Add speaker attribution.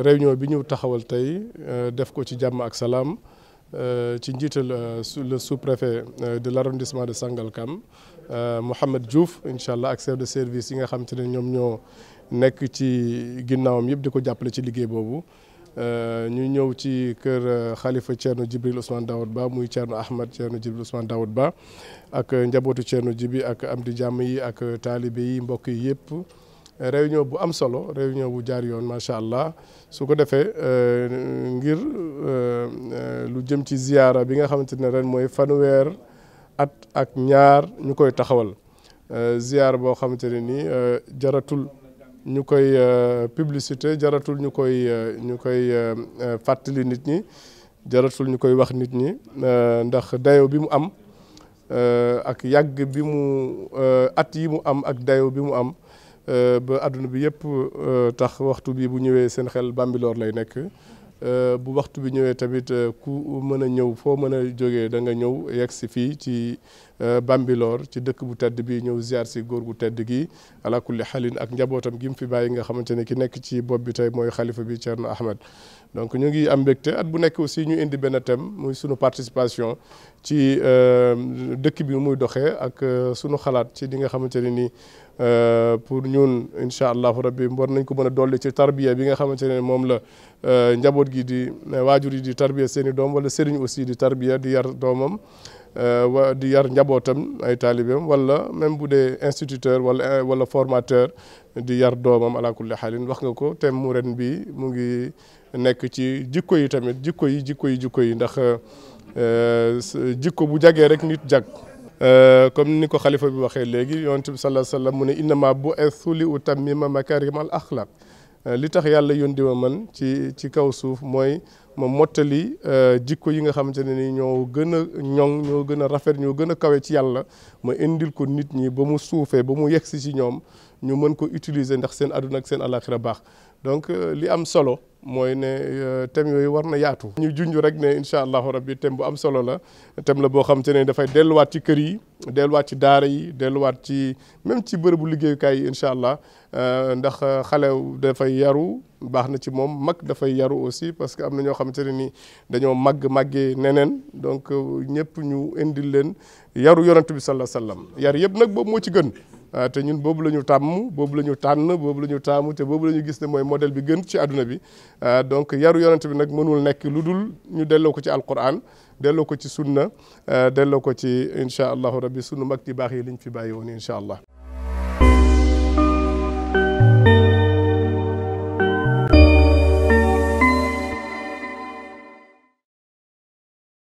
Speaker 1: réunion bi ñu taxawal tey euh, def ko ci jàmm ak salaam euh, ci njiital euh, le sous-préfet de l'arrondissement de Sangalkam Mouhamed Diouf incha allah ak chef de service yi nga xam te ne ñoom ñoo nekk ci ginnaawam yëpp di ko jàppale ci liggéey boobu ñu ñëw ci kër xalifa Thierno Djibril Ousmane Daoud Ba muy Thierno Ahmed Thierno Djibril Ousmane Daoud Ba ak njabootu Thierno Djibi ak am di jàmm yi ak taalibe yi mbokk yi yëpp. réunion bu am solo réunion bu jaar yoon macha allah su ko defee ngir lu jëm ci ziyaara bi nga xamante ne ren mooy fanweer at ak ñaar ñu koy taxawal ziyaara boo xamante ne ni jaratul ñu koy publicité jaratul ñu koy ñu koy fàttali nit ñi jaratul ñu koy wax nit ñi ndax dayo bi mu am ak yàgg bi mu at yi mu am ak dayo bi mu am Euh, ba àdduna bi yëpp euh, tax waxtu bi bu ñëwee seen xel Bambilor lay nekk euh, bu waxtu bi ñëwee tamit ku mën a ñëw foo mën a jógee da nga ñëw yegg si fii ci Bambilor ci dëkk bu tedd bi ñëw ziar si góor gu tedd gi ala kulli xalin ak njabootam gi mu fi bàyyi nga xamante ne ki nekk ci bopp bi tey mooy xalifa bi Thierno Ahmed donc ñu ngi am mbégte at bu nekk aussi ñu indi benn thème muy sunu participation ci euh, dëkk bi muy doxee ak euh, sunu xalaat ci li nga xamante ne nii euh, pour ñun incha allah rabbi war nañ ko mën a dolli ci tarbiya bi nga xamante ne moom la njaboot gi di waajur yi di tarbiya seen i doom wala sëriñ aussi di tarbiya di yar doomam wa di yar njabootam ay taalibeem wala même bu dee instituteur wala wala formateur di yar doomam ala kulli xaalin wax nga ko thème mu ren bi mu ngi nekk ci jikko yi tamit jikko yi jikko yi jikko yi ndax Euh, jikko bu jagee rek nit jag euh, comme ni ko xalifa bi waxee léegi yonent bi sallallahu alayhi wa sallam mu ne innama bu estu li utammima makarim al euh, li tax yàlla yónni ma man ci ci kaw suuf mooy ma mottali euh, jikko yi nga xamante ne ni ñoo gën a ñoŋ ñoo gën a rafet ñoo gën a kawe ci yàlla ma indil ko nit ñi ba mu suufee ba mu yegsi ci ñoom ñu mën ko utiliser ndax seen àdduna ak seen àllaaxira baax donc euh, li am solo mooy ne euh, thème yooyu war na yaatu. ñu junj rek ne incha allahu rabbi thème bu am solo la thème la boo xamante ne dafay delluwaat ci kër yi. delluwaat ci daara yi delluwaat ci même ci bërëbu liggéeyukaay yi incha allah euh, ndax euh, xale dafay yaru baax na ci moom mag dafay yaru aussi parce que am na ñoo xamante ne nii dañoo màgg màggee neneen donc euh, ñëpp ñu indil leen yaru yonent bi sallallahu alayhi wasallam yar yëpp nag boobu moo ci gën. Euh, te ñun boobu la ñu tàmm boobu la ñu tànn boobu la ñu taamu te boobu la ñu gis ne mooy modèle bi gën ci àdduna bi euh, donc yaru yonent bi nag mënul nekk lu dul ñu delloo ko ci alquran delloo ko ci sunna euh, delloo ko ci incha allahu rabbi sunu mag ci baax yi liñ fi bàyyi woon incha allah